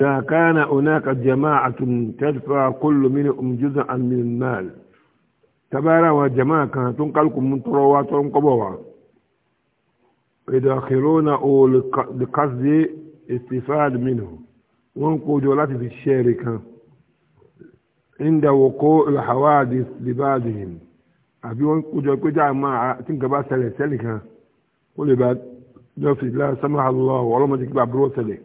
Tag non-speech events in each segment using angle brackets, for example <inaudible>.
كان هناك جماعة تدفع كل منهم جزءا من المال تبارا وجماعة كانت تنقلكم من تروات ونقبوا يدخلونه لقصد استفاد منه وانقوا جولات في الشركة عند وقوع الحوادث لبعضهم àbí wọ́n kójọ pé dáa máa tí nǹkan bá ṣẹlẹ̀ sẹ́nìkan ó lè bá jọ́sìn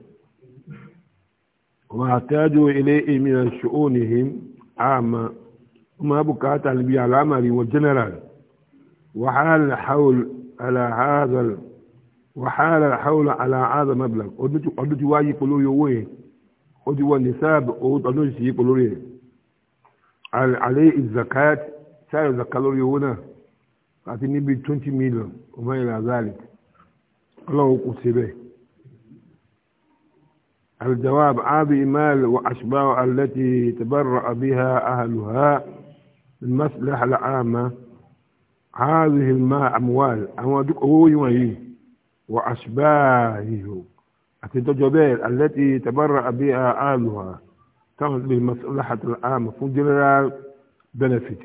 واحتاجوا إليه من شؤونهم عامة وما بكات النبي على العمل والجنرال وحال الحول على هذا وحال الحول على هذا المبلغ قدت واجي كلو يوين قد والنساب قدت شيء كلو عليه الزكاة سعر الزكاة لو يونا قاتل نبي 20 مليون وما إلى ذلك الله قد سبيه الجواب عابي مال وأشباه التي تبرأ بها أهلها المصلحة العامة هذه الماء أموال أموال وأشباهه أتتجبال التي تبرأ بها أهلها تعمل بالمصلحة العامة فجرال بنفيت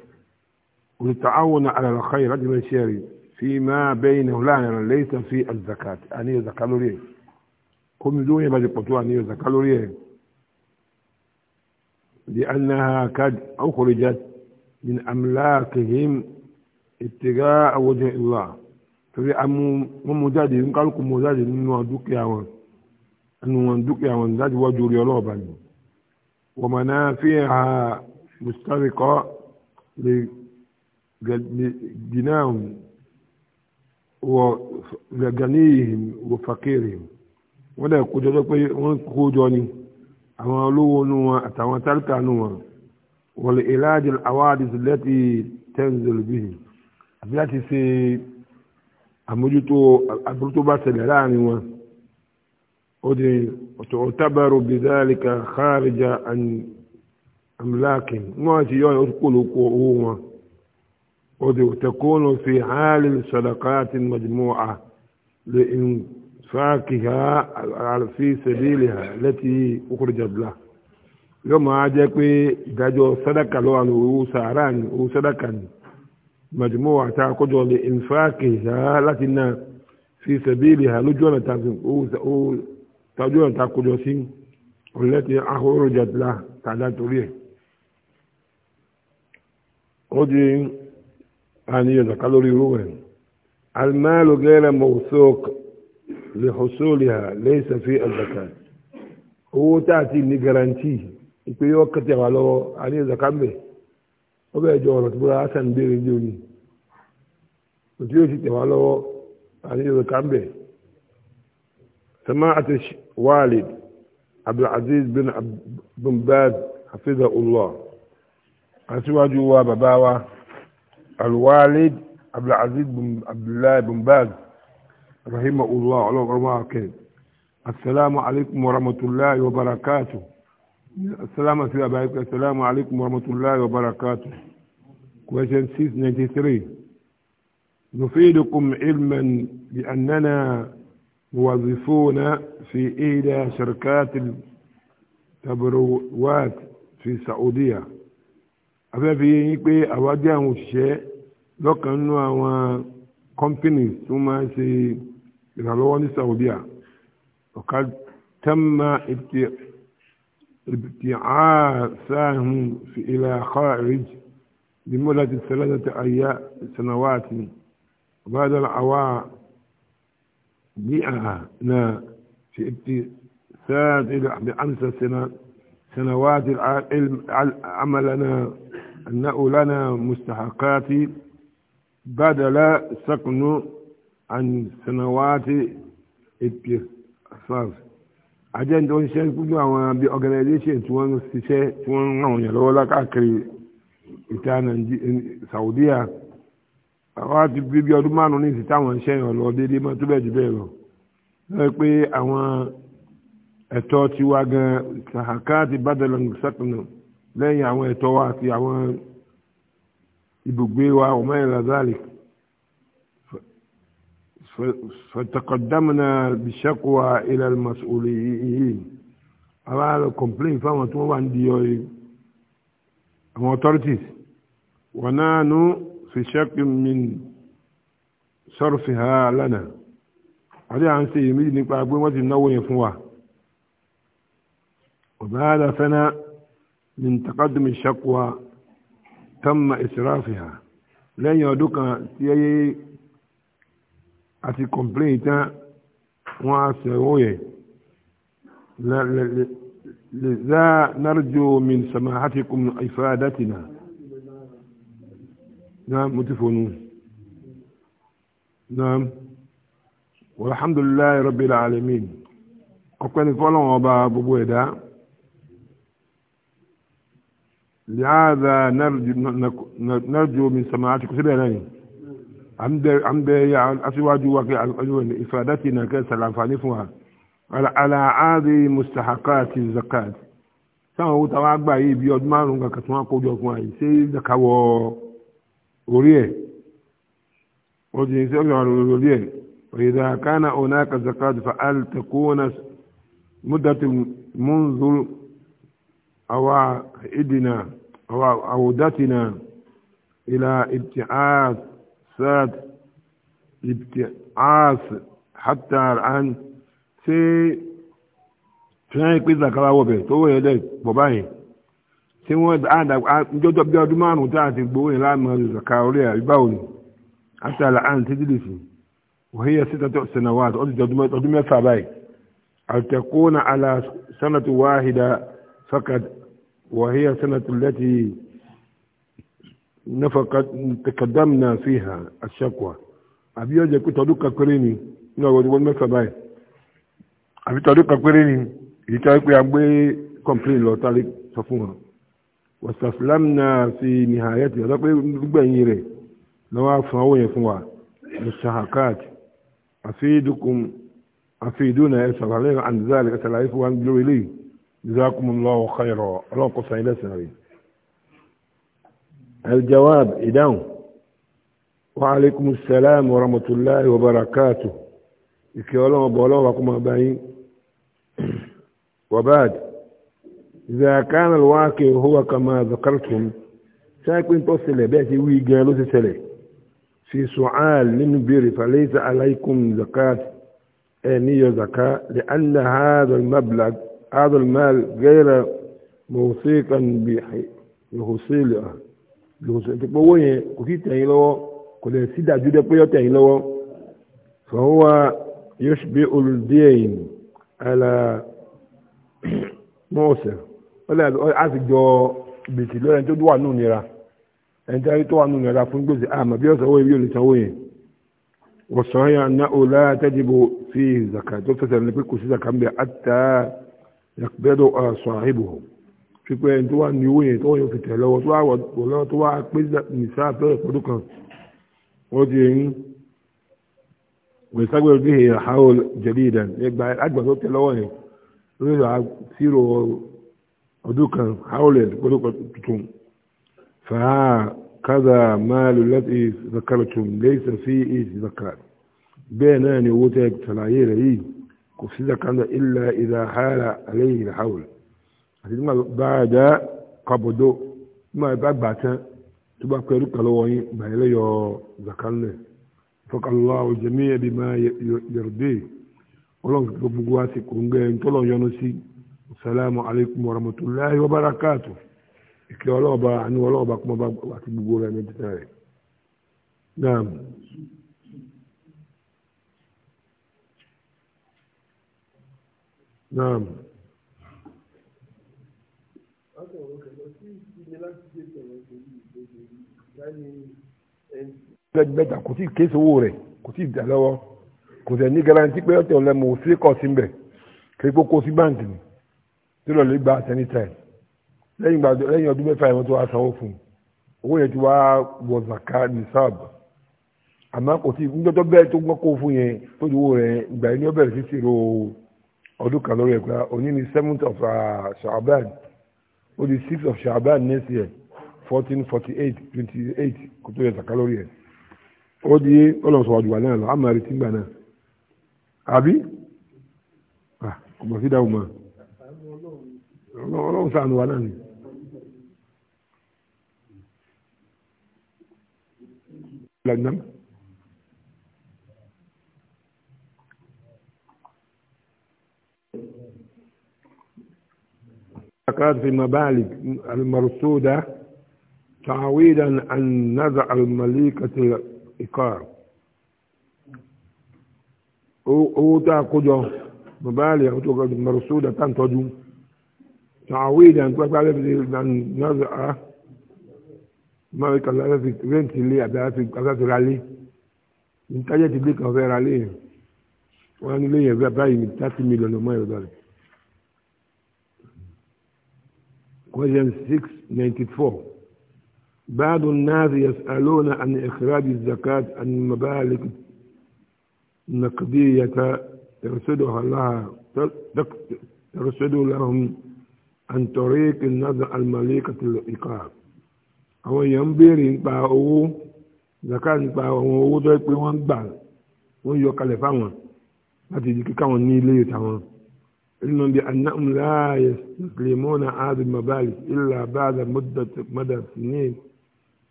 ولتعاون على الخير رجل الشاري فيما بينه لا ليس في الزكاة يعني زكاة ليه kómi lóyún yẹn bá ti pọ̀ tó wà ní ọ̀sán kálórí ẹ̀ di anaha kad awukurijat min amlaakihim ìtìgá àwùjọ ìlà torí wọn mú jáde nkálukú mú jáde nínú dúkìá wọn nínú wọn dúkìá wọn láti wájú orí ọlọ́ọ̀bá ni wọ́n mọ̀ náà fi hàn mustarikọ́ lè gẹ̀dínà wọ gẹ̀gẹ̀ níyìí wọ fàkìrì wọn wọ́n dẹ̀ kójọ pé wọ́n kójọ ni àwọn olówó nu wọn àtàwọn tálíkà nu wọn wọ́n lè ìlàjì àwádìí lẹ́tì tẹ́ǹzẹ̀lùbíhì àti láti ṣe àmójútó àbúrú tó bá ṣẹlẹ̀ láàrin wọn ó di ọ̀tọ̀ ọ̀tábàrò bìzáàlìkà kárìjà àmìláàkìn wọ́n ti yọ ọ́ kó lóko owó wọn ó di ọ̀tẹ̀kọ́nù fi hàlì sọ̀dọ̀kárà ti mọ̀jùmọ́ à lè ń fáàkìhá fi sabiliha lẹ́tí ukhrijat lah yóò máa jẹ́ pé ìdájọ́ sádàkà lọ́wọ́ àwọn owó sàárà ni owó sádàkà ni majmu'a àti àkójọ lè ìfáàkìhá láti náà fi sabiliha lójú ọ̀nà tàbí ọ̀nà tàkójọ sí ọ̀lẹ́tí ukhrijat lah tàdá torí ẹ̀ ó di àníyàn zàkà lórí irú rẹ̀ almalu ghayra mawsuq lihusoliha laysa fi zakat owó tá a ti ní garanti ìpè yọ kẹtẹ wà lọ́wọ́ àní zakat mbẹ ó bẹ́ẹ̀ jọ ọ̀rọ̀ tó bọ́ra hasan béèrè ní òní òtí yóò ti tẹ̀ wá lọ́wọ́ àní zakat mbẹ samaat walid abdulaziz bin bin baz hafizahullah aṣíwájú wa bàbá wa alwalid abdulaziz bin abdullahi bin baz. رحمه الله على رواك السلام عليكم ورحمة الله وبركاته السلام عليكم السلام عليكم ورحمة الله وبركاته question 693 نفيدكم علما بأننا موظفون في إحدى شركات التبروات في السعودية afẹ́fẹ́ yín pé àwájú àwọn òṣìṣẹ́ lọ́kàn nínú àwọn companies tó máa ń ṣe ìrànlọ́wọ́ سعودية وقد تم ابتعاء ساهم في إلى خارج لمدة ثلاثة أيام سنوات وبعد العوامئنا في ابتساد إلى بأمس سنة سنوات العلم عملنا أنه لنا مستحقات بدل سكن عن سنوات اتصاف àjẹ́ ní tó ń ṣe gbogbo àwọn bí organization tí wọ́n ń ṣiṣẹ́ tí wọ́n ràn yàn lọ́wọ́ lákàkiri ìta Saudiya àwọn ti bí bí ọdún márùn-ún ní ìsìta àwọn iṣẹ́ yàn lọ déédé mọ́ tó bẹ́ẹ̀ jù bẹ́ẹ̀ lọ. lọ́wọ́ pé àwọn ẹ̀tọ́ ti wá gan sàkà ti bàdàlọ́ sàkànnà lẹ́yìn àwọn ẹ̀tọ́ wa àti àwọn ibùgbé wa ọmọ ìlàzàlì فتقدمنا بشكوى إلى المسؤولين أبا كومبلين فما توان ديوي authorities ونحن في شك من صرفها لنا àti à ń ṣe èméjì nípa pé wọ́n ti náwó yẹn fún wa ọ̀báàdà fẹ́nà ní takadùmí ṣakwa tamma israfiha lẹ́yìn ọdún kan tí ẹ àti complain tán wọ́n á sẹ̀wọ́ yẹn lẹ́zà nárjò min samahatikum ifadatina náà mo ti fònú náà walhamdulilayi rabbil alamin ọpẹ́ ní fọ́lọ́wọ́n ọba gbogbo ẹ̀dá lẹ́hàdà nárjò min samahatikum síbẹ̀ náà yìí. an bẹ ya aṣíwájú wa kí alwani ifadati na kẹ sàlànfàní fún wa al'adi mustahakati zakat sáwọn owó tàwọn àgbà yìí bí ọdún márùn kankan tí wọn kójọ fún wa yìí ṣé zakawọ orí ẹ o jẹ ṣé ọjọ àrùn orí ẹ òyìnbá kánà ọ̀nà ka zakat fa al takuna mudatu munzur awa idina awa awudatina ila ibti'at ساعة ابتعاث حتى الآن سي tíwọ́n pè zakara wọ̀ bẹ̀ tó wọ̀ yẹn dẹ̀ bọ̀bá yẹn tí wọ́n àdà jọjọ bí ọdún márùn tá a ti gbowó yẹn láàmú zakara orí ẹ̀ báwo ni àti àlà àn títí lè fi wọ́n yẹ síta tó sẹ̀nà wá ọdún ọdún mẹ́fà báyìí àtẹ̀kọ́ na àlà sanatu wáhida fakad wọ́n yẹ sanatu lẹ́tì نفقت تقدمنا فيها الشكوى àbí ọjọ́ pé tọdún kan péré ni ní ọ̀rọ̀ ìwọ́n mẹ́fà báyìí àbí tọdún kan péré ni èyí tó pé a gbé complain lọ tálẹ́ sọ fún wọn wọ́sàfìlám náà fi nìhàyẹ́ ti ọ̀dọ́ pé gbẹ̀yìn rẹ̀ lọ́wọ́ fún owó yẹn fún wa musahakat àfihìdùkùn àfihìdùnà ẹ̀ sọ̀rọ̀ àlẹ́ àǹdíza rẹ̀ ẹ̀sẹ̀ láyé fún wa lórí eléyìí jazakumullahu khairan ọlọ́run kó san ilẹ̀ sàn rẹ̀. الجواب إدام وعليكم السلام ورحمة الله وبركاته إكيولو بولو وكما باين وبعد إذا كان الواقع هو كما ذكرتم سيكون توصل بأسي ويقالوا سيسلي في سؤال لنبير فليس عليكم زكاة أنية زكاة لأن هذا المبلغ هذا المال غير موثيقا بحصيلها lòsàn ti pọ̀ owó yẹn kò sí tẹ̀yìn lọ́wọ́ kò lè sí dájú dẹ́ pé yọ tẹ̀yìn lọ́wọ́ fọwọ́n wa yóò ṣe bí olùdíyẹ̀yìn àlà mọ́ọ̀sẹ̀ á sì jọ gbèsè lọ́rẹ́ tó wà nù nira ẹni tí a yẹ tó wà nù nira fún gbèsè àmọ́ bí ọ̀sán owó yẹn bí olùsàn owó yẹn wọ́n sọ yẹn àná ọ̀la tẹ́jìbò fi zaka tó fẹsẹ̀ ní kò sí zaka ń bẹ àtà yàgbẹ́dọ̀ àṣọ àhìbò pípẹ́ ẹni tó wà ní owó yẹn tó wọ́n yóò fi tẹ̀ lọ́wọ́ tó wà wọ̀ lọ́wọ́ tó wà pé nìsáà tó ẹ̀kọ́ tó kàn wọ́n ti yẹn wẹ̀ságbẹ́ ojú ìhè àhàó jẹ̀lí ìdàn ẹgbà àgbà tó tẹ lọ́wọ́ yẹn lórí ìlà zero ọdún kan àhàó lẹ̀ gbọ́dọ̀ tuntun fàá kádà máàlù láti zakara tún lẹ́sẹ̀ sí èsì bẹ́ẹ̀ náà ni owó tẹ ṣàlàyé rẹ̀ yìí kò sí zakara ilà ìdà àti nígbà báyà jẹ́ kọ́bọ̀dó nígbà bá gbà tán tó bá pẹ̀lú kàlọ́ wọ̀nyí bàyẹ̀ lẹ́yọ̀ zakalẹ̀ fọkànlá òjèmí ẹbí máa yẹrùdé ọlọ́run tó gbogbo wa ti kòńgẹ́ ntọ́lọ̀ yọnu sí salamu alaykum wa rahmatulahi wa barakatu ìkẹ́ ọlọ́ọ̀ba àánú ọlọ́ọ̀ba kọ́mọba àti gbogbo rẹ̀ ní títà rẹ̀. naam. naam. gbẹgbẹta kò tí ì kéésì owó rẹ̀ kò tí ì dà lọ́wọ́ kò tẹ̀ ní garanti pé ọ̀tẹ̀ ọ̀lẹ́mọ̀ ò sí kọ̀ sí mbẹ̀ kí kó kó sí báǹkì ni tí lọ́ọ̀ lè gba àtẹni tẹ̀ lẹ́yìn ọdún mẹ́fà ìwọ́n tó wá sanwó fún owó yẹn ti wá wọ zaka nisab àmọ́ kò tí níjọ́jọ́ bẹ́ẹ̀ tó gbọ́ kó fún yẹn tó di owó rẹ̀ ìgbà yẹn ni ó bẹ̀rẹ̀ sí ṣírò ọdún kan lórí ẹ̀kọ́ òní ni seventh of uh, shaban ó di sixth of shaban next year fourteen forty eight twenty eight kò tó yẹ zaka lórí ẹ̀ ó di ọlọ́sọ̀ wàjú wà náà lọ àmà retí gbà náà àbí kò mọ̀ sí dáhùn mọ́ ọlọ́run sànù wà náà ni. Lẹ́gbẹ̀ẹ́. ذكرت في المبالغ المرصودة تعويلا أن نزع المليكة الإقار ó tá a kójọ mọ̀báàlì àwọn tó gbọdọ̀ mọ̀rọ̀sódà tá à ń tọ́jú tàwé ìdàn pẹ́pẹ́ alẹ́bìnrin ìdàn náà á mọ̀ríkà láti rẹ́ǹtì ilé àbí aláti ralé nítayẹ̀ ti gbé kan fẹ́ ralé yẹn wọ́n á nílé yẹn fẹ́ báyìí ní thirty million ọmọ ẹ̀rọ dọ́là. question six ninety four. بعض الناس يسألون عن إخراج الزكاة عن مبالغ نقدية ترسدها لها ترشد لهم عن طريق النظر المليكة الإقاب أو ينبير باعه زكاة باعه ووضعه بيوان بال ويوكالفان هذه ذكي كما نيلي تمام علم بأنهم لا يستسلمون هذه المبالغ إلا بعد مدة مدى سنين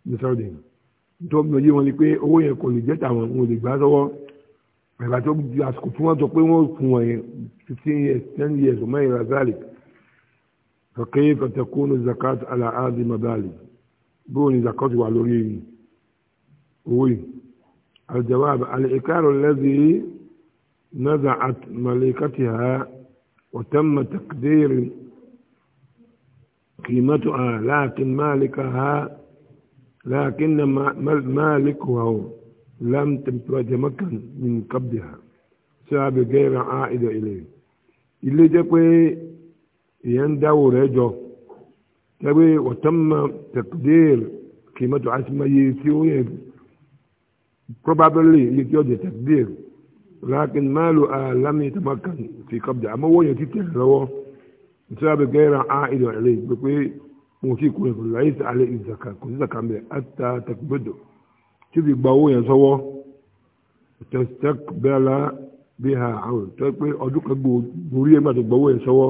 ní Saudi tó ń lọ yé wọn ni pé owó yẹn kò lè jẹ́ tàwọn wọn ò lè gbà sọ́wọ́ ẹ̀bà tó ju àsìkò tí wọ́n sọ pé wọ́n kún wọn yẹn fifteen years ten years ọmọ yẹn razali kọ̀kẹ́ kọ̀tẹ́kùn zakat alaadi mabali bóun ni zakat wà lórí yìí owó yìí aljawab alikaru lẹ́bi نزعت ملكتها وتم تقدير قيمتها لكن مالكها لكن مالك هو لم تتمكن من قبضها بسبب غير عائد إليه ilé jẹ́ pé èèyàn ń dáwò rẹ̀ jọ tẹ́gbé wọ̀tánmà tẹ̀kùdéèrè kì í mọ́tò àṣìmáyé tí ó yẹn probably iye tí ó jẹ tẹ̀kùdéèrè lákin máàlù alámi tamakan fi kọbdà àmọ́wọ́ yẹn ti tẹ̀ lọ́wọ́ ìṣàbẹ̀gẹ́ra á ìdọ̀ ẹ̀lẹ́ pé wọn kì í kó ẹ̀fọ́ láyé sí alẹ́ ìzàkà kò sí zàkà mẹ́ ata takbẹ́dọ̀ tí fi gba owó yẹn sọ́wọ́ tẹ̀sítẹ́kbẹ́lá bí ha àwọn tó pé ọdún kan gbòórí ẹgbẹ́ àti gbọ́wọ́ yẹn sọ́wọ́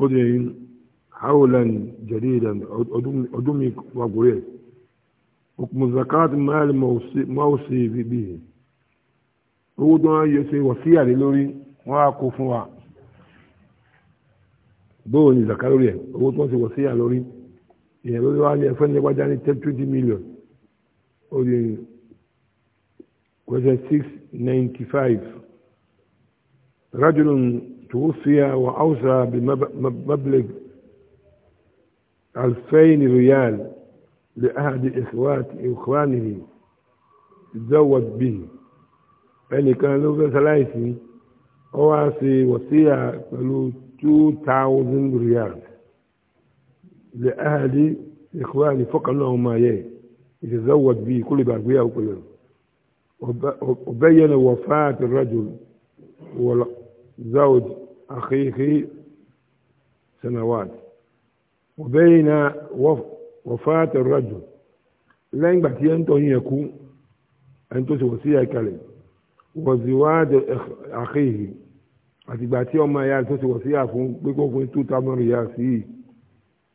ó di haulan jadidan ọdún mi wà gbòórí ẹ̀ òkùnkùn zakat máàlì máwùsì bíbí owó tó wọ́n yẹ ṣe wọ̀síyà lé lórí wọ́n á kó fún wa bóò ní zaka lórí ẹ̀ owó tí wọ́n ti wọ̀ sí yà lórí ìyẹn lórí wa ní ẹ̀fọ́ ní wájà ní twenty million ó di question six ninety five rajulun توفي وأوصى بمبلغ ألفين ريال لأحد إخوات إخوانه تزوج به يعني كان له ثلاثة أوصي وصية قالوا 2000 ريال لأهلي إخواني فقط لهم ما يه يتزوج به كل بأقوياء وكل يوم وبين وفاة الرجل وزوج أخيه سنوات وبين وفاة الرجل لين بحتي أنتو يكون أنتو سوسيا كلم وزواج أخيه àtìgbà tí ọmọ ẹ̀yà tó ti wọ̀ sí àfún pé kó fún two thousand riyal sí i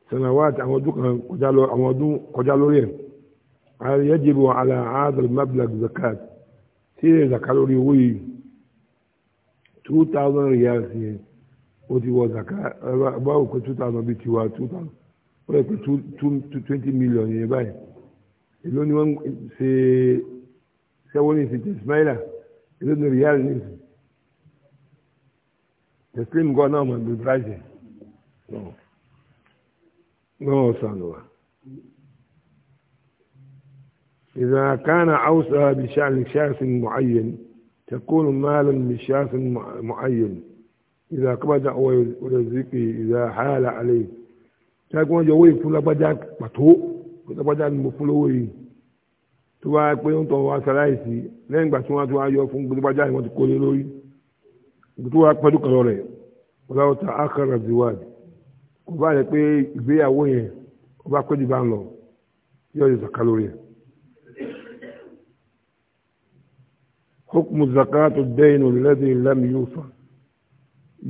sanawat àwọn ọdún kan kọjá lọ àwọn ọdún kọjá lórí ẹ̀ àyẹ̀jìbò àlà àádọ́rù mablag zakat tí èrè zakat lórí owó yìí two thousand riyal sí i ti wọ zakat báwo pé two thousand bíi tiwa two thousand ó yẹ pé twenty million yẹn báyìí èló ni wọ́n ṣe sẹ́wọ́n ní ìsìn ismaila èló ni riyal ní ìsìn the cream gan náà mọ̀ gbé brazil lọ́wọ́ sànù wa. إذا كان أوسع بشأن شخص معين تكون مالا لشخص معين إذا قبض ورزقه إذا حال عليه تكون جوي فلا بدك بتو فلا بدك مفلوي tó bá pé ń tọ́ wa sáláìsì lẹ́yìn ìgbà tí wọ́n á tún wá yọ fún gbogbo ajá ìwọ̀n ti kó lé lórí gbogbo wa pẹ̀lú kan rẹ̀ ọlọ́wọ́ ta akara ziwad kò bá rẹ̀ pé ìgbéyàwó yẹn ó bá pẹ́ jù ń lọ yóò yọ zaka lórí ẹ̀. hukumu zakatu dẹ́yìn olùlẹ́dẹ̀ ìlànà yóò sàn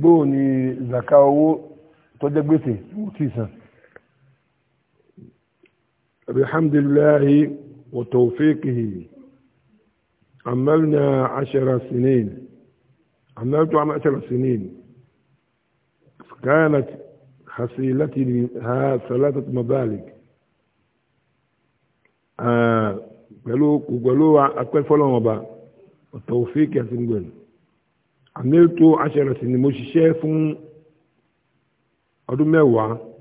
bóò ni zaka owó tọ́jẹ́ gbèsè wò tí san. alhamdulilayi wa tawfiqihi amalna ashara sinin. عملت عشر سنين كانت حصيلتي لها ثلاثة مبالغ قالوا قالوا أقول فلان وبا التوفيق يا سنقول عملت عشر سنين مش شايف أدو ميوة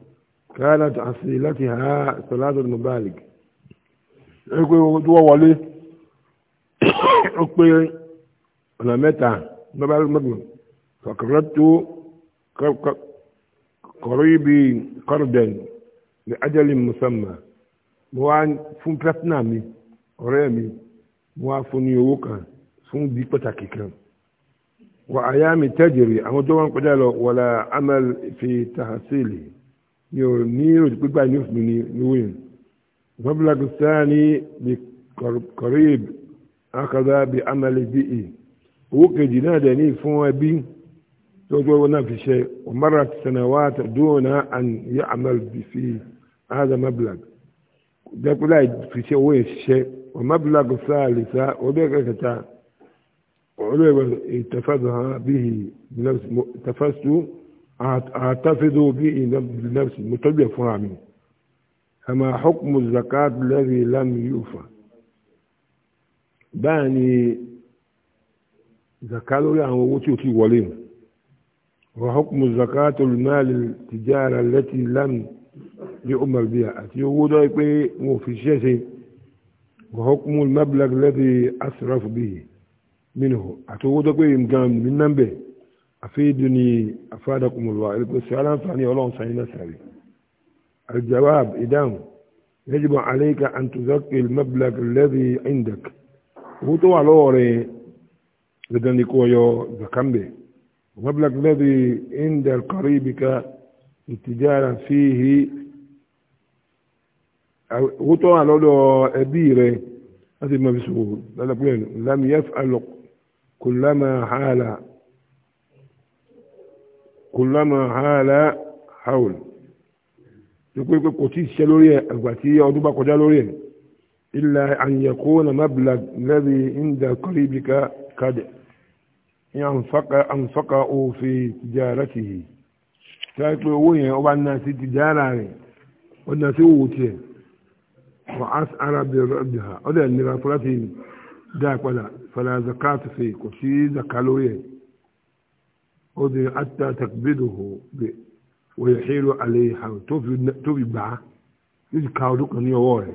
كانت حصيلتها ثلاثة مبالغ يقول دوا ولي أقول أنا متى بعد المجمل فقردت قريبي قردا لأجل مسمى وان فون بلاتنامي أرامي وعن يوكا فون دي بتاكي كان وأيام تجري أما دوان قدالو ولا عمل في تحصيلي يونيرو تقبع نفس مني نوين المبلغ الثاني بقريب أخذ بعمل بيئي owó kejì náà dẹ̀ ní fún ẹbí tọ́jú ọwọ́ náà fi ṣe ọmọdé sanawat dúnà àn yá amal bìfì ádà mablak dẹ́kúlá fi ṣe owó yẹn ṣiṣẹ́ ọmọbìlak sáà lè sá ọdún ẹ̀ka kẹta ọdún ẹ̀ka ìtafàdù hàn bíi tafàsù àtàfẹ́dù bíi nafsi mo tọ́jú ẹ̀ fún àmì àmà hukmu zakat lẹ́rìí lámì yóò fà báyìí zaka lórí àwọn owó tí o ti wọlé mu wà hókùmù zaka tó lù náà lè tìjára lẹ́tì lánàá ní umar bíyà àti owó dọ́ pé wọn ò fi ṣiṣẹ́ ṣe wà hókùmù mablak lẹ́tì asraf bíyì nínú àti owó dọ́ pé nǹkan mi nà ń bẹ̀ àfihàn ní afádàkùmù lọ àìpẹ́ sọ aláǹfààní ọlọ́run sanyí náà sàrẹ̀ aljawab ìdáhùn yajibu alayka an tuzakki lẹ́tì indak owó tó wà lọ́wọ́ rẹ̀ لدني كويو ذكمبي ومبلغ الذي عند قريبك التجارة فيه على لولو أبيرة هذه ما بيسوه لم يفعل كلما حال كلما حال حول يقول كوتيس شلوري أغباتي أو دوبا كوجا لوري إلا أن يكون مبلغ الذي عند قريبك قد ينفق أنفقه في تجارته تاكل وين أو الناس تجارة والناس ووتي وأسأل بردها أولا نرافلته داك ولا فلا زكاة فيه كشي زكالوية أوذي حتى تكبده ويحيل عليه حول توفي باع يجي كاودوك نيووري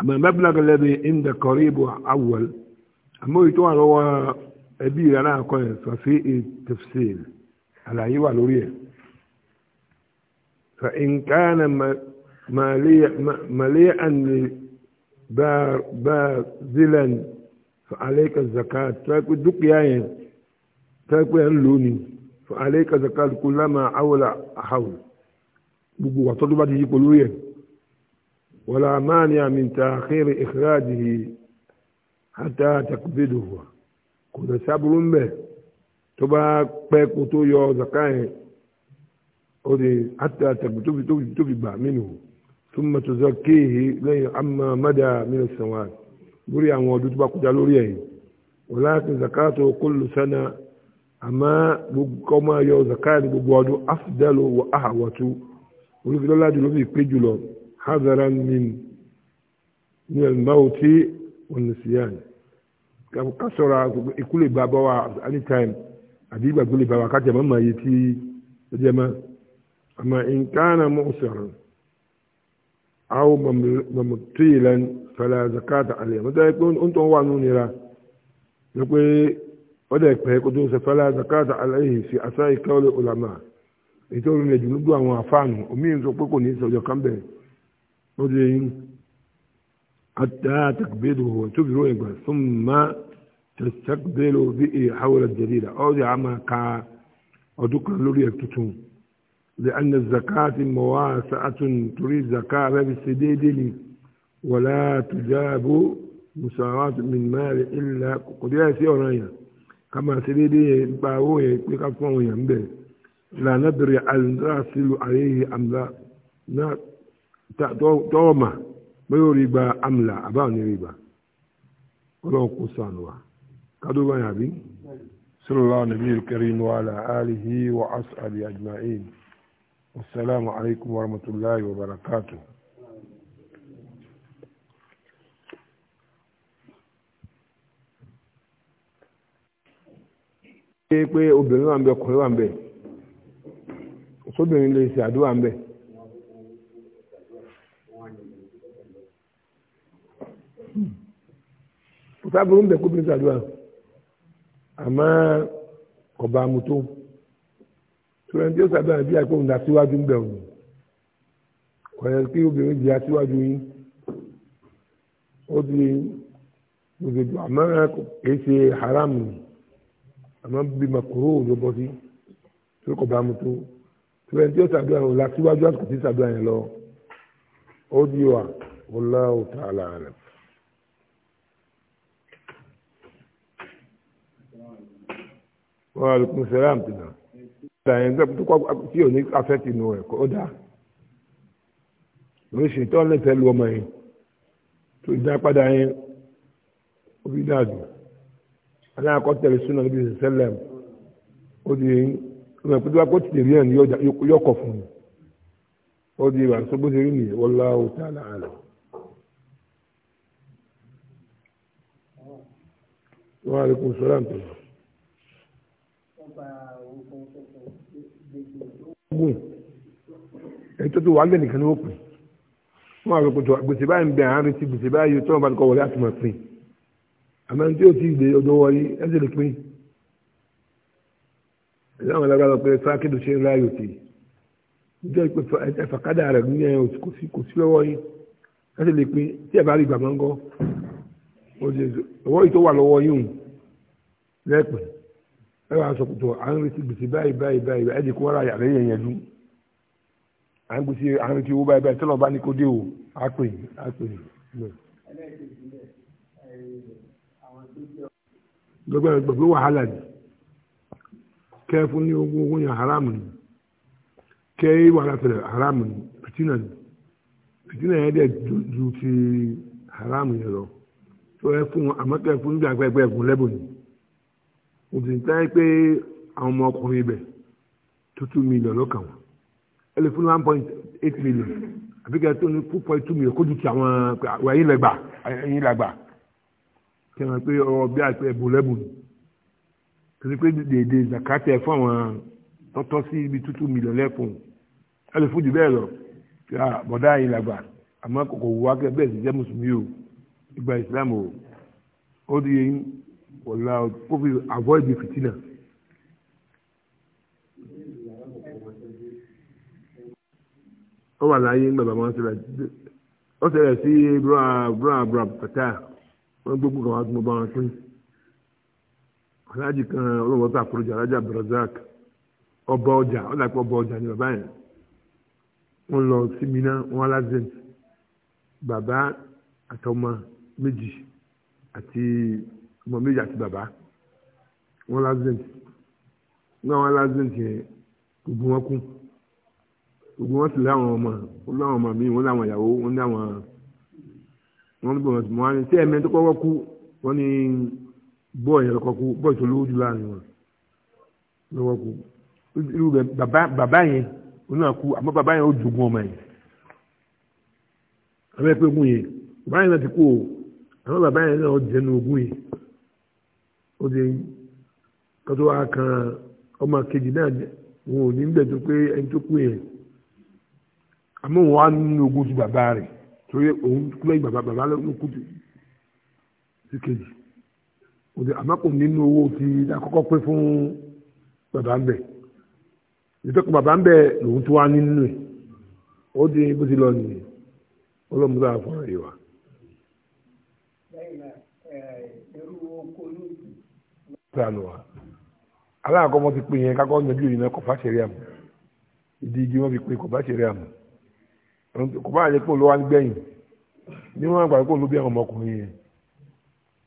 àmọ́ mẹ́bìlàgà lẹ́bi ìndẹ̀ kọ́rí ìbò awọ́l àmọ́ ètò wà lọ́wọ́ ẹbí rẹ̀ náà kọ́ ẹ̀ fàfi ìtẹ̀fṣìl àlàyé wà lórí ẹ̀ fa ìǹkànnà màlẹ́ àni bá zilan fa àlẹ́kà zakat tẹ́kù dúkìá yẹn tẹ́kù ẹ̀ ń lónìí fa àlẹ́kà zakat kúlámà awọ́là àhàwù gbogbo wàtọ́dún bá ti yí pọ̀ lórí ẹ̀. ولا مانع من تأخير إخراجه حتى تقبضه كنا سبر به تبا بيكو تو يو زكاين حتى تقبض منه ثم تزكيه لي عما مدى من السنوات بري عن ودود باكو دالوريين ولكن زكاته كل سنة أما كما يو زكاة بقوادو أفضل وأهوة ولو في الله دلو في حذرا من من الموت والنسيان كم كسر كل بابا اني تايم أديب كل بابا كاتب ما يتي جما أما إن كان مؤسرا أو ممطيلا فلا زكاة عليه ماذا يكون أنتم وانون يرى يقول وده يكون فلا زكاة عليه في أساء قول العلماء يتولون يجنبوا وعفانه ومين زقوكم يسوي كم بيه ó di eyín àtà takbílù tóbìrò ìgbà súnmọ́ tẹ̀sítakbílù bí i hawla jẹ̀dídà ó di àmà ká ọdún kan lórí ẹ̀ tuntun لأن الزكاة مواسعة تريد زكاة بالسديد ولا تجاب مساواة من مال إلا قد يأتي كما سيدي باوي بكفوه ينبه لا ندري أن نرسل عليه أم لا tọ́wọ́ mà bẹ́ẹ̀ yóò rí gba amla a òní rí gba ọlọ́run kò sànù wa kádó bá yàbí. ala alihi wa ashabi ajma'in assalamu alaikum wa rahmatullahi wa barakatuh. ṣe pé obìnrin kò sábúrú ń bẹ kó bí sàdúrà àmọ́ kọba amútó tòun tí ó sàdúrà bí àìkú òun dá síwájú ń bẹ òun kọ̀yẹ́ kí obìnrin jẹ́ síwájú yín ó di gbogbo àmọ́ kìí ṣe haram àmọ́ bí makoro ló bọ́ sí tó kọba amútó tòun tí ó sàdúrà òun dá síwájú àsìkò tí sàdúrà yẹn lọ ó di wa wallahu ta'ala alam. wọn alùpùpù sẹ́ráàmù tì náà ìgbà yẹn tí ò ní afẹ́ ti nù ẹ̀ kó dáa lórí ṣètọ́ lẹ́fẹ́ lu ọmọ yẹn tó dá padà yẹn ó fi dáa dùn aláàkọ́ tẹ̀lé súnà níbi ìṣẹ̀lẹ̀ ó di ọmọ ìpínlẹ̀ wa kó tìlẹ̀ rí ẹ̀ ní yọkọ̀ fún mi ó di ìwà tó bó ṣe rí nìyẹn wallahu ta'ala alam. wa alaikum salaam tó lọ ètò tó wà lẹ́nu kan ní ó pè wọ́n á rò pé gbèsè báyìí ń bẹ àárín tí gbèsè báyìí tó wọn bá kọ́ wọlé àti máa pín àmọ́ tí ó ti gbé ọdún wọlé ẹ̀sẹ̀ lè pín ẹ̀sẹ̀ àwọn alágbára pé sákìdù ṣe ń ráyò tì nítorí pé ẹ̀fàkádà rẹ̀ ní ẹ̀ kò sí lọ́wọ́ yìí ẹ̀sẹ̀ lè pín tí ẹ̀ bá rí ìgbà máa ń gọ́ ọwọ́ yìí tó wà lọ́wọ́ yìí lẹ́pẹ̀ẹ́. ẹ wàá sọ pé à ń retí gbèsè báyìí báyìí báyìí ẹ jẹ́ kó wọ́n ra yàrá yẹn yẹn dú à gbèsè à ń retí báyìí báyìí o wàhálà ni kẹ́ fún ní ogún ogún yẹn ni kẹ́ wàhálà tẹ̀lẹ̀ haramu ni fìtínà ni fìtínà yẹn dẹ̀ ju ti haramu yẹn lọ tó ẹ fún àmọ́tẹ́ fún ni. òtún táyé pé àwọn ọmọ ọkùnrin ibẹ̀ tó two million lọ́kàn wọn ẹ lè fún one point eight million àbí kẹ́ ẹ tó ní two point two million kójú ti àwọn àwọn ẹ̀yìn lẹ́gbà ẹ̀yìn lẹ́gbà kí wọ́n pé ọ̀rọ̀ bí àìpẹ́ ẹ̀bùn lẹ́bùn kí wọ́n pé dèdè zakatẹ̀ fún àwọn tọ́tọ́ sí ibi two two million lẹ́fún ẹ lè fún jù bẹ́ẹ̀ lọ kí bọ̀dá ẹ̀yìn lẹ́gbà àmọ́ kòkò wá kẹ́ bẹ́ẹ̀ sì jẹ́ mùsùlùmí o ìgbà ìsìlámù o ó di yẹn wọlá kó fi avoid the fitina. ó wà láyé ń bàbá wọn ṣẹlẹ̀ ó ṣẹlẹ̀ sí bra bra bra pátá wọn gbogbo kan wá tó mọ bá wọn pín aláàjì kan olóòwò tó alájà brazak ọba ọjà ó dàpọ̀ ọba ọjà ni bàbá yẹn wọ́n lọ sí mina wọ́n aláàzẹ̀ bàbá àtọmọ méjì àti ọmọ méjì àti bàbá wọn lásìlẹ̀ǹtì ní àwọn lásìlẹ̀ǹtì yẹn gbogbo wọn kú gbogbo wọn sì láwọn ọmọ wọn láwọn ọmọ míì wọn láwọn ìyàwó wọn láwọn wọn bọ̀ wọn sì mọ àwọn tí ẹ̀mẹ́ tó kọ́kọ́ kú wọn ni bọ́ọ̀ yẹn lọ́kọ́ kú bọ́ọ̀ tó lówó jù láàrin wọn lọ́wọ́ kú irú rẹ̀ bàbá yẹn wọn náà kú àmọ́ bàbá yẹn ó jogún ọmọ yẹn àbẹ́ pé ogún yẹn bàbá yẹn náà ti kú o àmọ́ bàbá yẹn náà ó jẹ́nu ogún yẹn ó di kótó wa kan ọmọ kejì náà wọn ò ní bẹ̀ tó pé ẹni tó kú yẹn àmọ́ wọn á nínú ogun ti bàbá rẹ̀ torí òun kú lẹ́yìn bàbá bàbá ló kú sí kejì ó di àmọ́ kò nínú owó ti àkọ́kọ́ pé fún bàbá ń bẹ̀ ìtọ́kùn bàbá ń bẹ̀ lòun tó wá nínú ẹ̀ ó di bó ti lọ nìyẹn ọlọ́mọdé àfọ̀rọ̀ yìí wá sànù wa aláàkọ́ wọn ti pè yẹn kákọ́ yanjú yìí náà kò bá ṣe rí àmọ́ ìdí igi wọn fi pè kò bá ṣe rí àmọ́ kò bá yẹ kó ló wá ń gbẹ̀yìn ní wọn àgbà kó ló bí àwọn ọmọkùnrin yẹn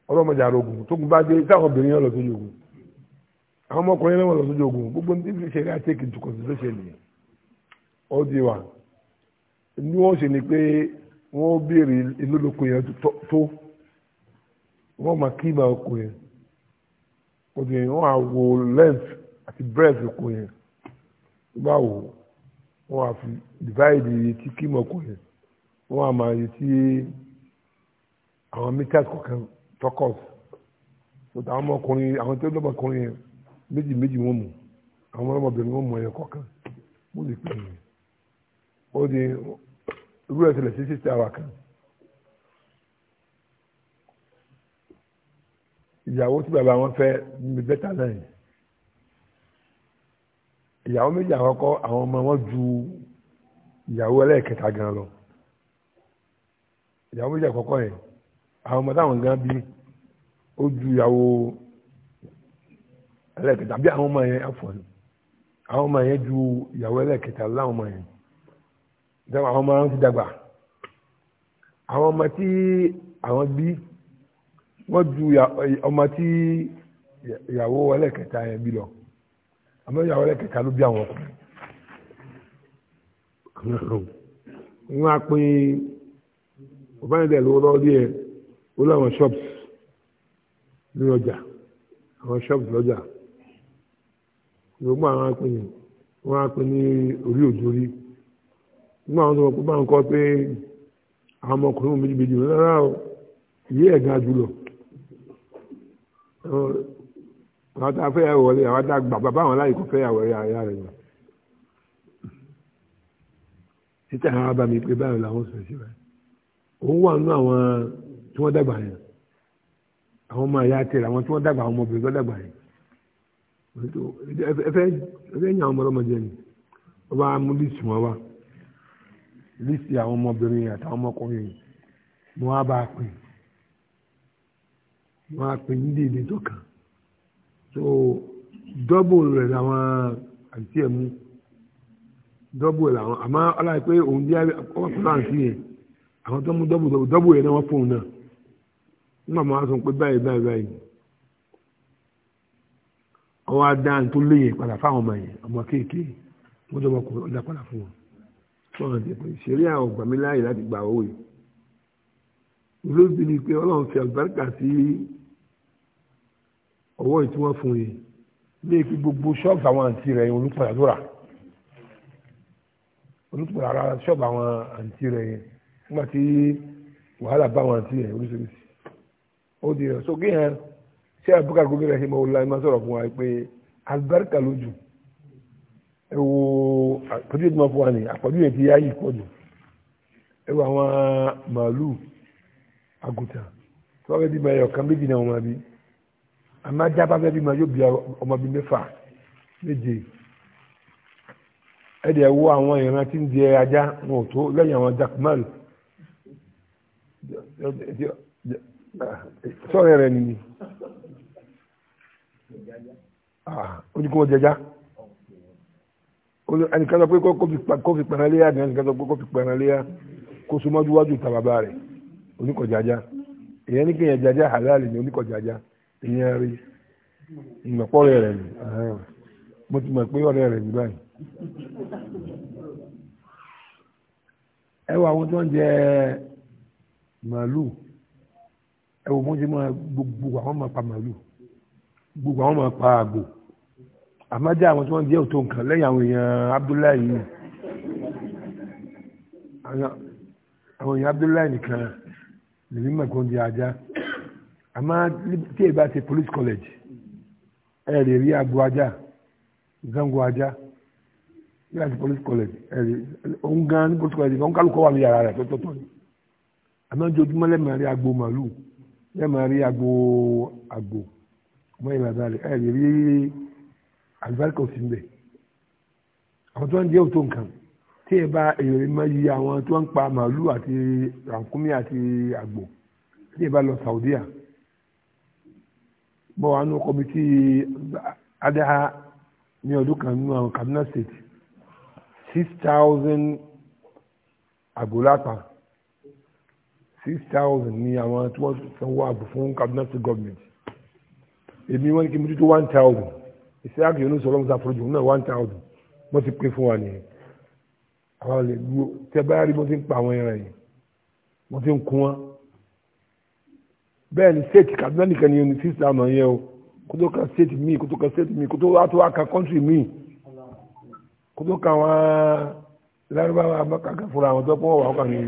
ọlọ́mọdé arógun tógun bá dé táwọn obìnrin yẹn lọ sójú ogun àwọn ọmọkùnrin yẹn lọ sójú ogun gbogbo ní fi ṣeré àtẹ́kì tó kọ̀ọ̀sì ló ṣe nìyẹn ó di wa ni wọ́n ṣe ni pé wọ́n béèrè ìlú lóko yẹn tó wọ́n máa kí ìbá oko òdì yẹn wọ́n á wo length àti breadth kò yẹn nígbà wo wọ́n á fi divide iye tí kí mọ̀ kò yẹn wọ́n á máa iye tí àwọn meters kọ̀ọ̀kan tọkọ̀s sọ̀tà àwọn ọmọkùnrin àwọn tó lọ́mọkùnrin yẹn méjì méjì wọ́n mú àwọn ọmọbìnrin wọ́n mú ẹyọ kọ̀ọ̀kan mo lè pè é òdì irú ẹ̀sẹ̀ lẹ̀ sí sísè àwà kan. ìyàwó tí bàbá wọn fẹ́ níbi bẹ́tà náà yìí ìyàwó méjì àkọ́kọ́ àwọn ọmọ wọn ju ìyàwó ẹlẹ́ẹ̀kẹta gan lọ ìyàwó méjì àkọ́kọ́ yẹn àwọn ọmọ táwọn gan bí ó ju ìyàwó ẹlẹ́ẹ̀kẹta bí àwọn ọmọ yẹn àfọ̀nù àwọn ọmọ yẹn ju ìyàwó ẹlẹ́ẹ̀kẹta láwọn ọmọ yẹn àwọn ọmọ wọn ti dàgbà àwọn ọmọ tí àwọn bí wọ́n ju ọmọ tí ìyàwó ẹlẹ́kẹta yẹn bí lọ àmọ́ ìyàwó ẹlẹ́kẹta ló bí àwọn ọkùnrin wọ́n á pín ọ̀bánidẹ̀ lówó lọ́wọ́ díẹ̀ ó láwọn shops ní ọjà àwọn shops lọ́jà gbogbo àwọn apẹ̀yìn wọ́n á pín ní orí òjòrí nígbà àwọn tó wọ́n kó bá ń kọ́ pé àwọn ọmọkùnrin méjìméjì rárá o ìyé ẹ̀gá jùlọ àwọn tá a fẹ́ yàwó wọlé àwọn tá a gbà bàbá àwọn láyé kò fẹ́ yàwó rẹ̀ àyà rẹ̀ yàn. títí àwọn bàbá mi pé báyìí làwọn sọ̀rọ̀ sí báyìí. òun wà nínú àwọn tí wọ́n dàgbà yẹn àwọn ọmọ àyà tẹ̀lé àwọn tí wọ́n dàgbà àwọn ọmọbìnrin tó dàgbà yẹn. ẹ fẹ́ yàn àwọn ọmọdé ni wọ́n bá mú lísì wọn wá lísì àwọn ọmọbìnrin àtàwọn ọmọkùnrin wọn á bá a pè é wọ́n á pè ní dèdè tó kàn so dọ́bù rẹ̀ làwọn àti ẹ̀ mú dọ́bù rẹ̀ làwọn àmọ́ aláì pé òun bí wọ́n fún láǹtí yẹn àwọn tó mú dọ́bù dọ́bù dọ́bù yẹn náà wọ́n fóun náà nígbà máa sọ pé báyìí báyìí báyìí ọwọ́ adáhùn tó lé yẹn padà fáwọn ọmọ yẹn ọmọ kéékèé wọ́n jọba kò ọ̀dà padà fún wọn sọ̀rọ̀ ti pé ìṣeré àwọn ọgbà mi láàyè láti gba owó yìí olóògbé ni pé ọlọ́run fi àlùbáríkà sí ọwọ́ yìí tí wọ́n fún yìí lé pé gbogbo ṣọ́ọ̀bù àwọn àǹtí rẹ̀ olùpàdà lóra olùpàdà ara ṣọ́ọ̀bù àwọn àǹtí rẹ̀ yẹn nígbà tí wàhálà bá àwọn àǹtí rẹ̀ oríṣiríṣi ó di rẹ̀ so géèyàn ṣé àbúkà gómìnà rẹ̀ ṣe máa wọlé máa sọ̀rọ̀ fún wa pé alibarika ló jù ẹ wo àpèjì tí wọ́n fún wa ní àpọ̀jù yẹn ti yá yìí pọ̀ jù ẹ wo àwọn màálù àgùntàn tí wọ́n fẹ́ bí mẹ́yọ̀ kan méjì náà wọ́n máa bí àmọ́ dábàá bẹ́ẹ̀ bí ma yóò bí ọmọ bíi mẹ́fà méje ẹ̀dẹ̀ wo àwọn ìran tí ń di ajá wọn ò tó lẹ́yìn àwọn dakmal sọ̀rọ̀ rẹ̀ nìyí ah, ó ní kí wọ́n jẹjá ẹnìkan sọ pé kó fi pẹ̀rẹ̀ léyà ẹnìkan sọ pé kó fi pẹ̀rẹ̀ léyà kó so mọ́jú wájú ìta bàbá rẹ̀ kéèyàn jájá halal ni oníkọ̀jájá. ìyẹn rí ìgbàpọ̀ rẹ̀ rẹ̀ nù mo ti mọ̀ pé ọ̀rẹ́ rẹ̀ ní báyìí. ẹ wo àwọn tí wọ́n jẹ màálù ẹ wo bó ṣe máa gbogbo àwọn máa pa màálù gbogbo àwọn máa pa àgbò àmájá àwọn tí wọ́n jẹ́ òtó nǹkan lẹ́yìn àwọn èèyàn Abdullahi àwọn èèyàn Abdullahi nìkan lèmi mọ̀ kó ń ajá. àmọ́ tí èyí ti police college ẹ lè rí agbo ajá zango ajá tí èyí police college ẹ lè òun gan ní police college òun kálukọ́ wà ní yàrá rẹ̀ tọ́tọ́tọ́ ni àmọ́ ojoojúmọ́ lẹ́mọ̀ rí agbo màálù lẹ́mọ̀ rí agbo àgbò ọmọ ìlànà rẹ̀ ẹ lè rí àlùbáríkà òsì ńbẹ àwọn tó ń jẹ́ òtó nǹkan tí èyí èrè mọ́ yí àwọn tó ń pa màálù àti rànkúmí àti àgbò tí èyí bá lọ Saudiya mo wà nínú kọmitì adáha ní ọdún kan nínú àwọn Kaduna state six thousand àgbòlápà six thousand ní àwọn tí wọ́n sanwó àgbò fún Kaduna state government èmi wọ́n kí n mójútó one thousand ìṣe àgbè onú sọlọ́mù sàfọ́jù náà one thousand mo ti pè fún wa nìyẹn àwọn lè dúró tẹ́ mo ti ń pa àwọn ẹran yìí mo ti ń kún wọn bẹ́ẹ̀ ni state Kaduna nìkan ni yẹn ní six thousand yẹn o kó tó kan state míì kó tó state míì kó tó tó wá kan country mi, kó tó kan wá lárúbáwá abákàkà fúnra àwọn tó pọ̀ wà ó kàn ní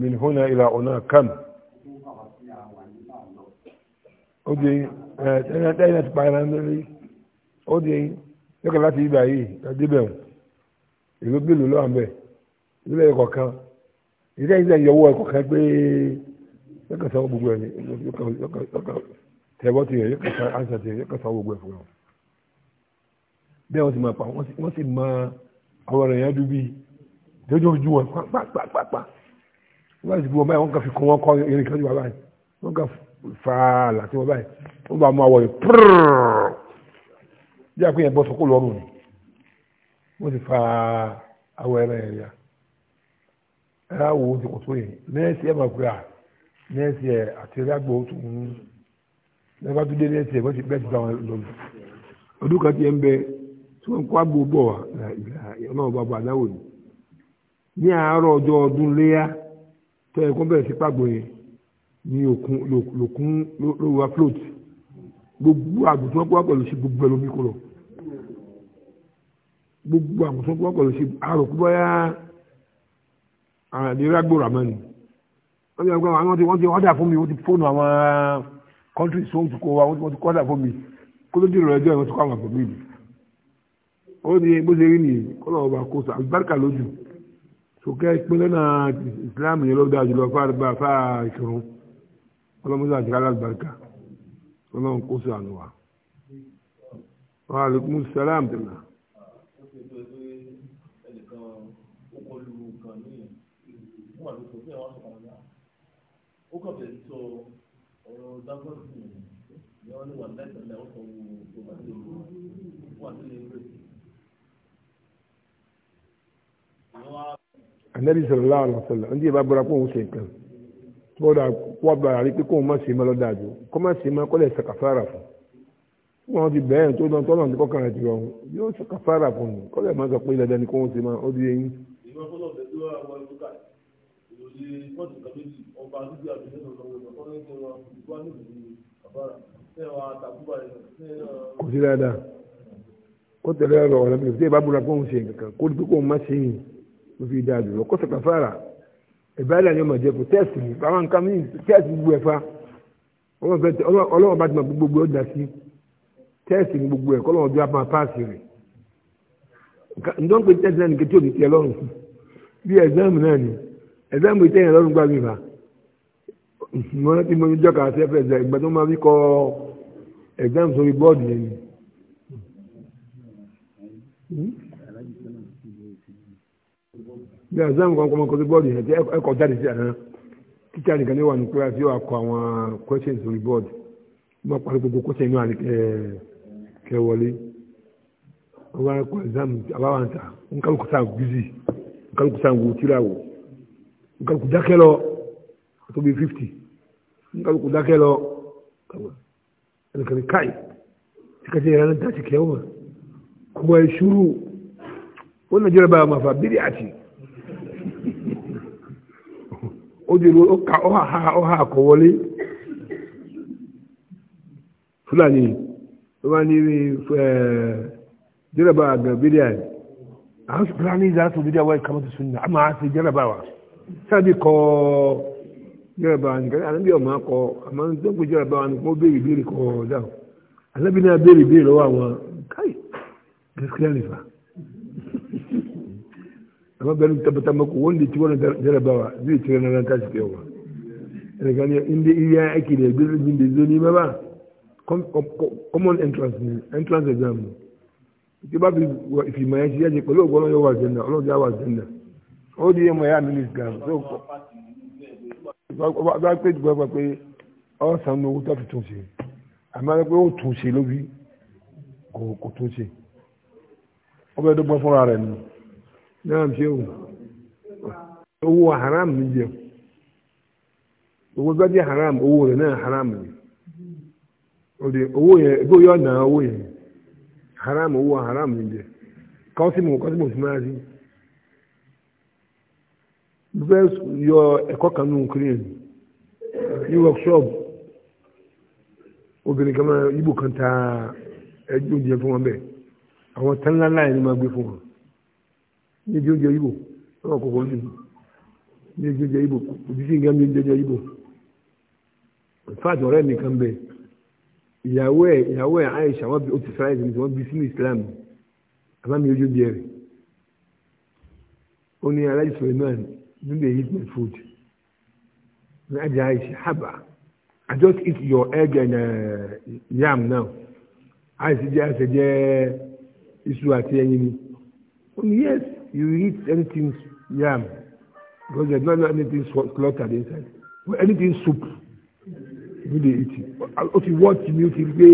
minhona ìlà ọ̀nà kam. ó di ẹ tẹ́lẹ̀ tẹ́lẹ̀ ti pààyàn lórí ó di lọ́kọ̀ láti ibà yìí láti ibẹ̀ wọn ìlú bílù lọ́wọ́ àbẹ̀ ìlú ẹ̀kọ̀ kan ìdí ẹ̀yìn sẹ́yìn yọwọ́ ẹ̀kọ̀ kan yọkà sáwọ gbogbo ẹ yọkà tẹwọ tiẹ yọkà sá ansa tiẹ yọkà sáwọ gbogbo ẹ fún wọn. bẹ́ẹ̀ wọ́n sì máa pa wọ́n sì máa àwọn ọ̀rọ̀ yẹn dúbí lójú ojú wọn pàpàpàpà wọ́n bá ti gbọ́ báyìí wọ́n kà fi kún wọn kọ́ irin kan jù wá báyìí wọ́n kà fàá láti wọn báyìí wọ́n bá mú àwọ̀ yìí pírrrr bí àpéyàn bọ́ sọ́kó lọ́rùn ni wọ́n ti nẹ́ẹ̀sì ẹ̀ àti rágbó tó ń lọ́gbà tó dé nẹ́ẹ̀sì ẹ̀ wọ́n ti bẹ́ẹ̀ ti bá wọn lọ lọ. ọdún kan ti ẹ̀ ń bẹ tí wọ́n kó àgbo bọ̀ wá ọlọ́run bá bọ̀ àdáwò ni. ní àárọ̀ ọjọ́ ọdún léyà tó yẹ kó bẹ̀rẹ̀ sí pàgbọ́ yẹn ní òkun lòkun lówà float gbogbo àgùntàn kó wá pẹ̀lú sí gbogbo ẹlòmí kò lọ gbogbo àgùntàn kó wá pẹ̀lú sí àròkú bọ́yá àdéhùn wọ́n ti ọgbọ́n àwọn tí wọ́n ti ọ́dà fún mi wọ́n ti fóònù àwọn country tó ti kó wa wọ́n ti kọ́dà fún mi kó ló dìrò ẹjọ́ ti kọ́ àwọn àgbẹ̀ mi. ó ní bó ṣe rí ni kọ́lọ̀ ọba kó sọ àbíbáríkà lójú sókè ìpínlẹ̀ náà ìsìláàmù yẹn ló dáa jùlọ fáàrùbá fáà ìṣòro ọlọ́mọdé àti alábàríkà ọlọ́run kó sọ àná wa. wa ó kàn fẹ́ sọ ọ̀rọ̀ dágbọ́sì ni wọ́n ní wà lẹ́sẹ̀lẹ̀ ó sọ wo tó bá lè wò wà nílé rẹ̀. Ànábì sallallahu alaihi wasallam ndí ìbá gbọ́dọ̀ kó òun ṣe nǹkan tó bọ́dọ̀ wọ́n bá rí pé kóun má ṣe má lọ́dà jù kó má ṣe má kọ́lẹ̀ ṣàkàfàrà fún un wọ́n ti bẹ́ẹ̀ tó lọ́n tọ́lọ̀ ní kọ́kàn rẹ̀ jùlọ yóò ṣàkàfàrà fún un kọ́lẹ̀ má sọ pé dandan ni kóun ṣe má ó di eyín. ìgbà fọlọ́ bẹ̀ tó wà wọ́n lókà ṣe pọ́ọ̀tù kàbéjì ọba àdúgbò àbẹ̀lẹ̀ lọ́wọ́ lọ́wọ́ ní kí wọ́n fi wá ní ìlú àbára ṣé wọ́n àtàkùbà rẹ̀ kò sí dáadáa kó tẹ̀lé ọ̀rọ̀ ọ̀rọ̀ mi tí ẹ bá búra kó ń ṣe nǹkan kó dúpẹ́ kó ń má ṣe yìí ló fi dáa jùlọ kó sọ̀kà fara ìbáyà ni ọmọ jẹ kó tẹ́ẹ̀sì ní àwọn nǹkan mí tẹ́ẹ̀sì gbogbo ẹ̀fà ọlọ́wọ́ bá ti mọ gbogbo ọjà sí tẹ́ẹ̀sì ní gbogbo ẹ̀ kọ́ lọ́wọ́ bí wàá máa páàsì rẹ̀ ǹdọ́n pé tẹ́ẹ̀sì náà nìkan tí ò ní tiẹ̀ lọ́rùn bí ẹ̀gbọ́n mi náà ni ẹ̀sẹ̀mù ìtẹ̀yìn lọ́rùn gbà mí bá mo rántí mo ní jọ́ka sí ẹ̀fẹ̀ ẹ̀gbẹ́ tó máa fi kọ ẹ̀gbẹ́mù sórí bọ́ọ̀dù yẹn ni. bí ẹ̀sẹ̀mù kan kọ́mọkọ́ sí bọ́ọ̀dù yẹn tí ẹ̀kọ́ jáde sí àná títí àdìgán ní wà ní kíláà tí ó kọ àwọn questions sórí bọ́ọ̀dù mo parí gbogbo kọ́sẹ̀ inú àdìgẹ́ kẹwọlé wọ́n bá kọ́ ẹ̀sẹ̀mù àbáwá ń ta nǹkan wò tíra wò nǹkan kò dákẹ́ lọ tó bí fifty nǹkan kò dákẹ́ lọ ẹnìkan káì tí kàtí ìrànlẹ́ dáàtì kẹ́ wọn kò wá ìṣúrù ó nàìjíríà bá wọn fà bírí àti o dèrò ó ka ó ha ó ha kọ wọlé fúlàní ló wá ní jẹ́rẹ̀bá àgbà bírí àti àwọn planning that to be their way come to sunna àmà àti jẹ́rẹ̀bá wa sábì kọ jọba nìkan alábì ọmọ akọ àmọ́ tó ń pè jọba wọn kó béèrè béèrè kọ dáhùn alábì náà béèrè béèrè lọ́wọ́ àwọn káyì gaskiya ne fa amma bari tabbata maku wanda ci wannan jarabawa zai ci ranar tashi ta yawa da gani inda iya ake da birnin da zo nima ba common entrance ne entrance exam ne ki ba bi wa ifi ma ya ci ya je kwallo gwamnati yawa janna ọlọ́dún yawa janna ó di ẹmọ ẹ̀yà mi ní Islam tó bá pé dùgbọ́ pa pé ọ̀sán ní owó tó fi tún ṣe àmọ́ pé ó tún ṣe lóbi kò tún ṣe ó bẹ́ẹ̀ dọ́gbọ́n fúnra rẹ̀ nù náà ṣe o owó haram ní jẹ owó haram owó rẹ̀ náà haram ni ó di owó yẹn ebí ó ọ̀nà owó yẹn haram owó haram ní jẹ kọ́símù kọ́símù sí máa mo fẹ́ yọ ẹ̀kọ́ kan nù kiri ní workshop obìnrin kan máa ibo kan ta ẹjọ́ oúnjẹ fún wọn bẹ́ẹ̀ àwọn tán ńláńlá yẹn ni máa gbé fún wọn ní ẹjọ́ oúnjẹ ibo wọn kò kọ́ ní ní ẹjọ́ oúnjẹ ibo òtítí nǹkan ní ẹjọ́ oúnjẹ ibo fáàtì ọ̀rẹ́ mi kan bẹ́ẹ̀ ìyàwó ẹ̀ ìyàwó ẹ̀ Aisha wọn bí òtítí sáyẹ̀nsì ni wọ́n bí sínú Islam àbámi ojú bí ó ní aláìsàn náà no they eat my food na aja ish haba i just eat your egg and uh, yam now I said, àìsí jẹ iṣu àti ẹyin ni ó oh, ní yes you eat anything yam because there's is not anything slaughtered inside but anything soup you they eat ó ti watch mi ó ti gbé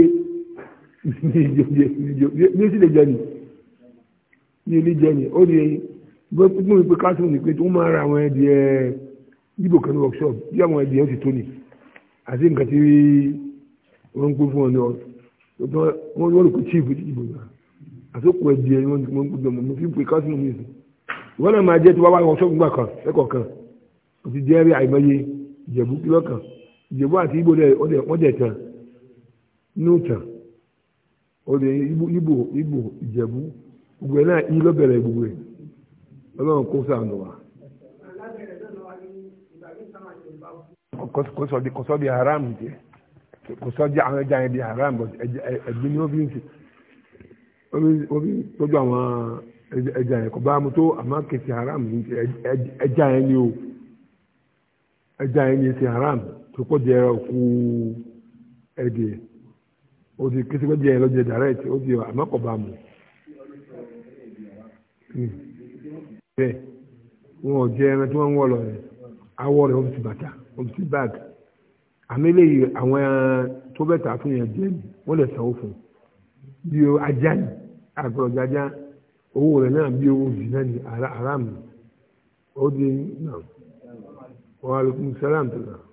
<laughs> ní ìjọ ní ìjọ journey. ìjọ ní ìjọ gbogbo ìpè káńsìlì ní pé tó máa ra àwọn ẹdìẹ yíbò kan ní workshop bí àwọn ẹdìẹ ó ti tó ni àti nǹkan tí wọ́n ń pín fún ọ ní ọ wọ́n wọ́n kò chief ìdìbò náà àsopọ̀ ẹdìẹ ti mọ̀ fi pè náà máa wá workshop gbà kan lẹ́kọ̀ọ́ kan ti jẹ́ rí àìmọye ìjẹ̀bú kan àti ọlọ́run kó sànù wa. kò sọ di haram jẹ kò di haram ni fi fi tọ́jú àwọn ẹja yẹn kò bá haram ẹja yẹn ni o ẹja haram tó kọ́ ti kẹsì kọ́ direct ti àmọ́ bá bẹ́ẹ̀ wọn ò jẹ ẹran tí wọ́n ń wọ̀ lọ rẹ̀ awọ rẹ̀ wọ́n ti bàtà wọ́n ti báàgì àmì eléyìí àwọn tó bẹ̀ tà fún yẹn jẹ́ ni wọ́n lè sanwó fún un o ajá ni àgbọ̀dọ̀ ajá owó rẹ̀ náà bí owó bì náà ni aráàmù ó di náà wàhálùkùn sálàmù tó náà.